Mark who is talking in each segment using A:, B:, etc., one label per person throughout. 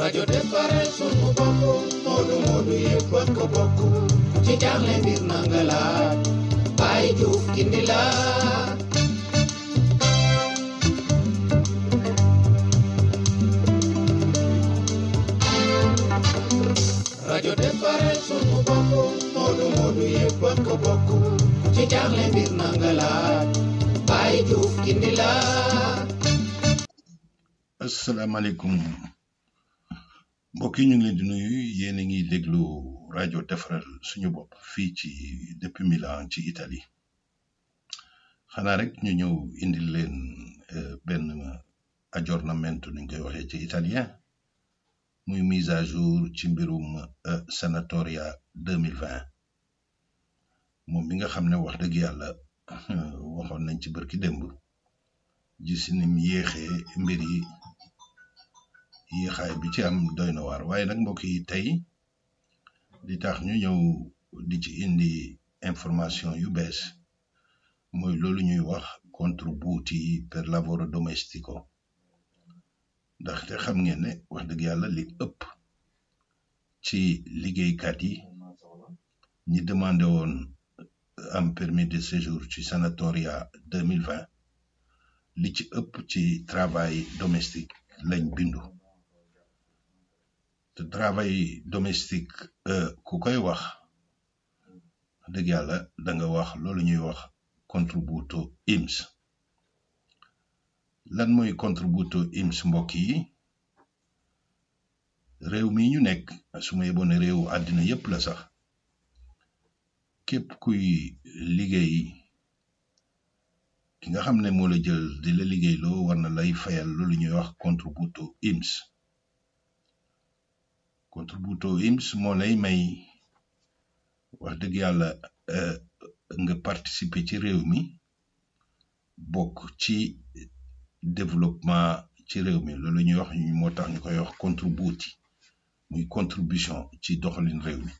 A: rajo defaral sunu bopp modu modu yëpp ak ko bokk ku ci jaaxle mbir na nga laaj bàyyi juuf gindi la rajo defaral sunu bopp moodu moodu yëpp ak ko ci jaaxle mbir na nga juuf gindi la asalaamaaleykum mbokk yi ñu ngi leen di nuyu yéen a ngi déglu rajo defaral suñu bopp fii ci depuis Milan ci Italie xanaa rek ñu ñëw indil leen euh, benn aggiornamento nuñ koy waxee ci italien muy mis à jour ci mbirum euh, sanatoria deux mille vingt moom mi nga xam ne wax dëgg yàlla euh, waxoon nañ ci barki démb gis ni mu yéexee mbir yi. yéexaay bi ci am doy na waar waaye nag mbokk yi tey di tax ñu ñëw di ci indi information yu bees mooy loolu ñuy wax contre contributi per lavoro domestico ndaxte xam ngeen ne wax dëgg yàlla li ëpp ci liggéeykat yi ñi demandé woon am permis de séjour ci sanatoria deux mille vingt li ci ëpp ci travail domestique lañ bindu. te travail domestique euh, ku koy wax dëgg yàlla da nga wax loolu ñuy wax contributo IMSS lan mooy contributo IMSS mbokk yi réew mi ñu nekk su yeboon réewu àddina yépp la sax képp kuy liggéey ki nga xam ne moo la jël di la liggéey loo war na lay fayal loolu ñuy wax contributo IMSS contributo IMS moo lay may wax dëgg yàlla euh, nga participer ci réew mi ci développement ci réew mi loolu ñuy wax moo wax contributi muy contribution ci doxalin réew mi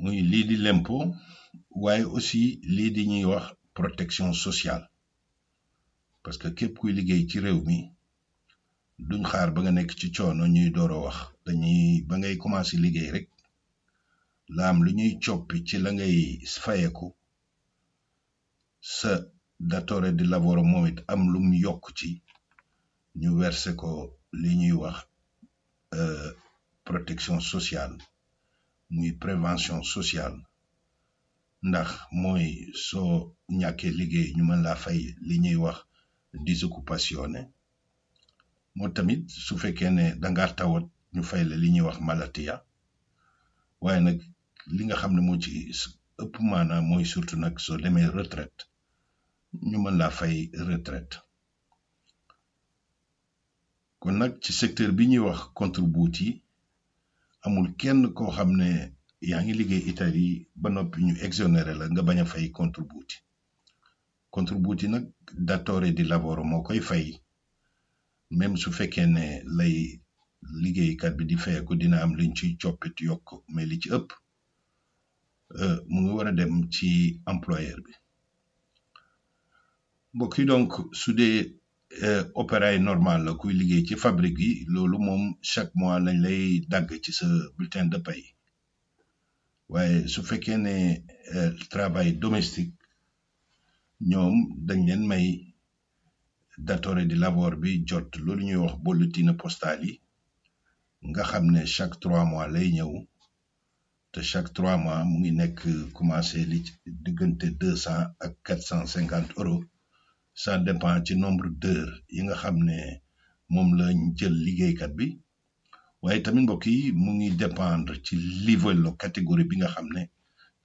A: muy lii di l'impôt aussi lidi di ñuy wax protection sociale parce que képp kuy liggéey ci réew duñ xaar ba nga nekk ci coono ñuy door a wax dañuy ba ngay commencé liggéey rek laam lu ñuy coppi ci la ngay fayeeku sa datore di lavoro moom it am lu mu yokk ci ñu verse ko li ñuy wax euh, protection sociale muy prévention sociale ndax mooy soo ñàkkee liggéey ñu mën laa fay li ñuy wax disoccupazione moo tamit su fekkee ne danga tawat ñu fay la li ñuy wax malatia waaye nag li nga xam ne moo ci ëpp maanaam mooy surtout nag soo demee retraite ñu mën laa fay retraite kon nag ci secteur bi ñuy wax contributi yi amul kenn koo xam ne yaa ngi liggéey Italie ba noppi ñu exonéré la nga bañ a fay contributi contributi nag datore di lavoro moo koy fay même su fekkee ne lay liggéeykat bi di feeku dina am liñ ci coppit yokk mais li ci ëpp euh, mu ngi war a dem ci employeur bi mbokk yi donc su dee euh, opéra yi normal la kuy liggéey ci fabrique yi loolu moom chaque mois lañ lay dagg ci sa bulletin de paie waaye su fekkee ne euh, travail domestique ñoom dañ leen may datore di labor bi jot loolu ñuy wax bulletin postal yi nga xam ne chaque trois mois lay ñëw te chaque trois mois mu ngi nekk commencé li diggante deux cent ak quatre cent cinquante euros ça dépend ci nombre d'heures yi nga xam ne moom lañ jël liggéeykat bi waaye tamit mbokk yi mu ngi dépendre ci niveau la bi nga xam ne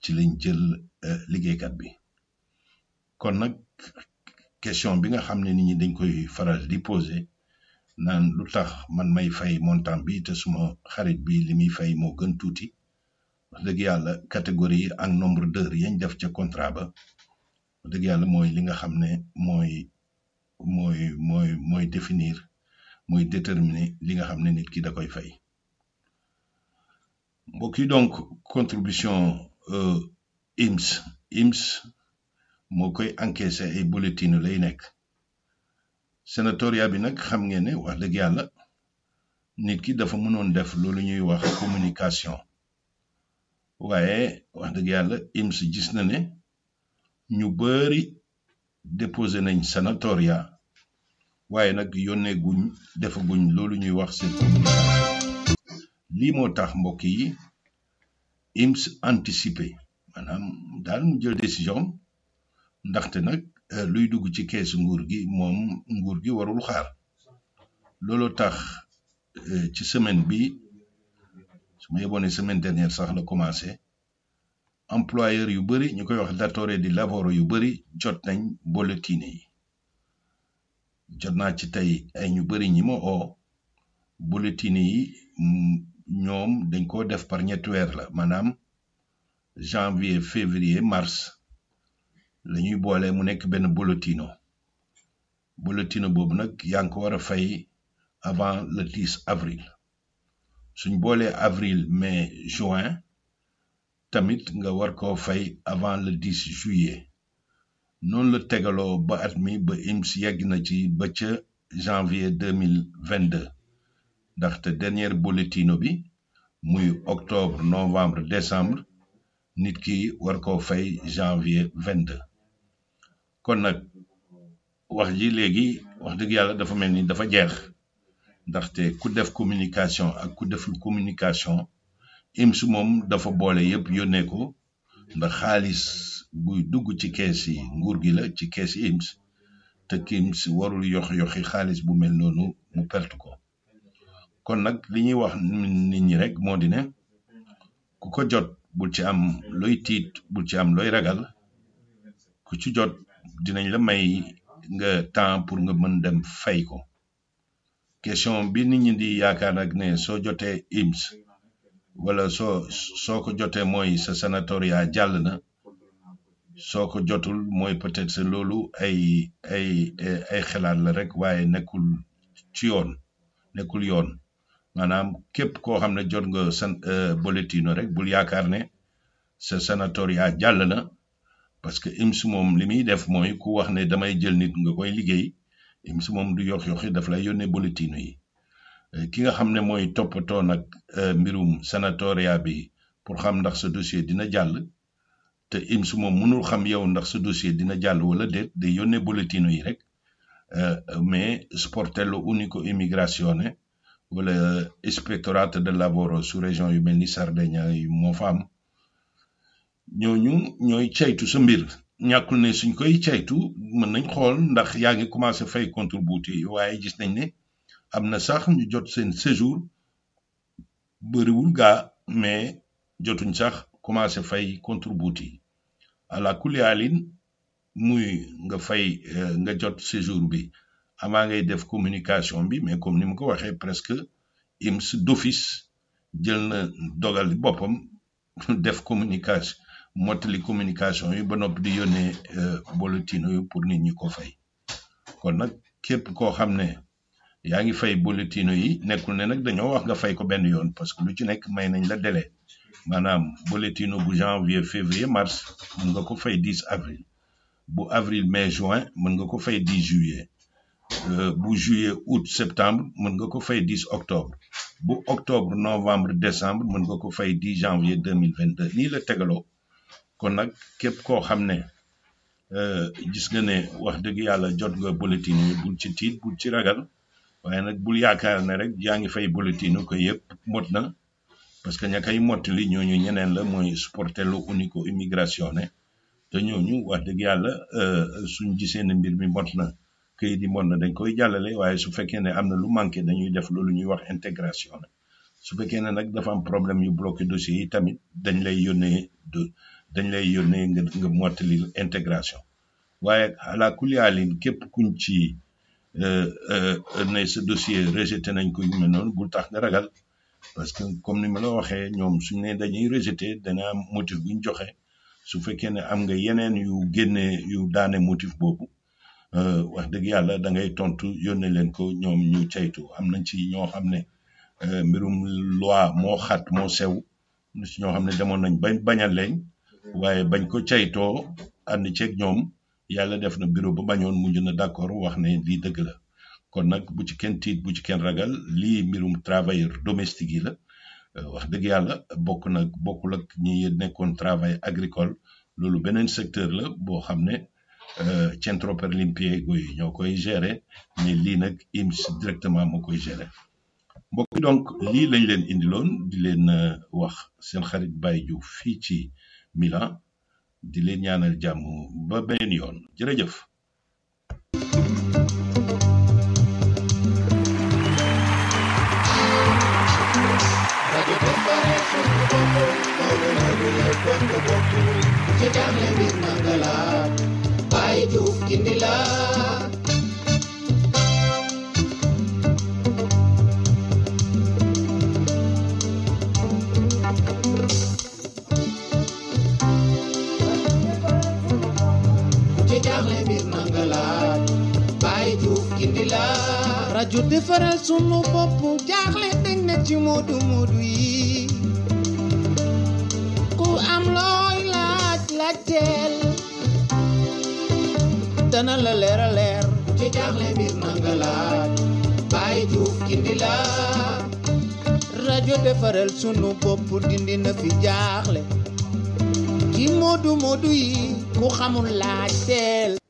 A: ci lañ jël euh, liggéeykat bi kon nag question bi nga xamné nit ñi dañ koy faral man may montant bi te suma xarit bi limi fay catégorie nombre d'heures yañ def ci contrat ba li nga définir déterminer li nga nit donc contribution euh, IMS IMS moo koy encaissé ay bulletin lay nekk sénatoriat bi nag xam ngeen ne wax dëgg yàlla nit ki dafa mënoon def loolu ñuy wax communication waaye wax dëgg yàlla IMS gis na ne ñu bari déposé nañ sénatoriat waaye nag yónnee guñ defaguñ loolu ñuy wax seen communication lii moo tax mbokk yi IMS anticipé maanaam daal mu jël décision ndaxte nag euh, luy dugg ci keesu nguur gi moom nguur gi warul xaar loolu tax euh, ci semaine bi su ma yeboone semaine dernière sax la commencé employeur yu bëri ñu koy wax datore di lavoro yu bëri jot nañ bulletin yi jot naa ci tey ay ñu bëri ñi ma oo bulletin yi ñoom dañ ko def par ñetti weer la maanaam janvier février mars la ñuy boole mu nekk benn bulletino bolotino boobu nag avant le 10 avril suñ boolee avril mai juin tamit nga war fay avant le 10 juillet noonu le tegaloo ba at mi ba IMS janvier 2022 ndaxte dernier bulletino bi muy octobre novembre décembre nit ki fay janvier 22 kon nag wax ji léegi wax dëgg yàlla dafa mel ni dafa jeex ndaxte ku def communication ak ku deful communication IMS moom dafa boole yëpp yónnee ko ndax xaalis buy dugg ci kees yi nguur gi la ci kees yi IMS te IMS warul yox yoxi xaalis bu mel noonu mu perte ko kon nag li ñuy wax nit ñi rek moo di ne ku ko jot bul ci am looy tiit bul ci am looy ragal ku ci jot dinañ la may nga temps pour nga mën dem fay ko question bi nit ñi di yaakaar nag ne soo jotee IMS wala soo soo ko jotee mooy sa sanatoria jàll na soo ko jotul mooy peut-être loolu ay ay ay xalaat la rek waaye nekkul ci yoon nekkul yoon maanaam képp koo xam ne jot nga san euh, boletino rek bul yaakaar ne sa ya jàll na parce que su moom li muy def mooy ku wax ne damay jël nit nga koy liggéey su moom du yox yoxi daf lay yónnee bulletinu yi euh, ki nga xam ne mooy toppatoo nag euh, mbirum sanatoria bi pour xam ndax sa dossier dina jàll te su moom mënul xam yow ndax sa dossier dina jàll wala déet day yónnee bulletinu yi rek euh, mais sportello unico immigrazione wala ispettorato del lavoro su région yu mel ni Sardegna yu moo fa am ñu ñooy caytu sa mbir ñàkkul ne suñ koy caytu mën nañ xool ndax yaa ngi commencé fay contributi waaye gis nañ ne am na sax ñu jot seen séjour bëriwul gaa mais jotuñ sax commencé fay contributi ala kuliyaalin muy nga fay euh, nga jot séjour bi amaa ngay def communication bi mais comme ni mu ko waxee presque si d'office jël na dogal boppam def communication mottali communication yi ba noppi di yónnee euh, bulletin yu pour nit ñi ko fay kon nag képp koo xam ne yaa ngi fay bulletin yi nekkul ne nag dañoo wax nga fay ko benn yoon parce que lu ci nekk may nañ la délai maanaam bulletin bu janvier février mars mën nga ko fay 10 avril bu avril mai juin mën nga ko fay 10 juillet euh, bu juillet aut septembre mën nga ko fay 10 octobre bu octobre novembre décembre mën nga ko fay 10 janvier 2022 nii la tegaloo kon nag képp koo xam ne euh, gis nga ne wax dëgg yàlla jot nga bulletin yi bul ci tiit bul ci ragal waaye nag bul yaakaar ne rek yaa ngi fay bulletin ko yépp mot na parce que ña kay mottali ñooñu ñeneen la mooy supporter lu unico immigration ne te ñooñu wax dëgg yàlla euh, suñ gisee ne mbir mi mot na këyit yi mot na dañ koy jàllale waaye su fekkee ne am na lu manqué dañuy def loolu ñuy wax intégration su fekkee ne nag dafa am problème yu bloqué dossier yi tamit dañ lay yónnee dañ lay yónnee nga nga mottali intégration waaye ala kuliyaalin képp kuñ ci euh, euh, ne sa dossier rejeté nañ ko yu mel noonu bul tax nga ragal parce que comme ni ma la waxee ñoom suñ ne dañuy rejeté dana am motif bu ñu joxe su fekkee ne am nga yeneen yu génne yu daane motif boobu euh, wax dëgg yàlla da ngay tontu yónnee leen ko ñoom ñu caytu am nañ ci ñoo xam ne mbirum loi moo xat moo sew ñoo xam ne demoon nañ bañ bañal leen. waaye bañ ko caytoo na ceeg ñoom yàlla def na bureau ba bañoon mujj na d'accord wax ne lii dëgg la kon nag bu ci kenn tiit bu ci kenn ragal lii mbirum travailleur domestique yi la euh, wax dëgg yàlla bokk nag bokkul ak ñi nekkoon travail agricole loolu beneen secteur la boo xam ne euh, centro per l'impiego yi ñoo koy gérer mais lii nag IMS directement moo koy gérer mbokk donc lii lañ leen indiloon di leen euh, wax seen xarit bay Diouf fii ci Mila, di leen ñaanal jàmm ba beneen yoon jërëjëf Jangan Radio deferral sunu um, bopp oh, jaaxle dañ na ci moodu moodu yi ku am looy laaj laajteel dana la leer a leer ku ci jaaxle mbir na nga laaj bàyyi juuf gindi la rajo um, sunu bopp dindi oh, na fi jaaxle ci moodu moodu yi ku xamul laajteel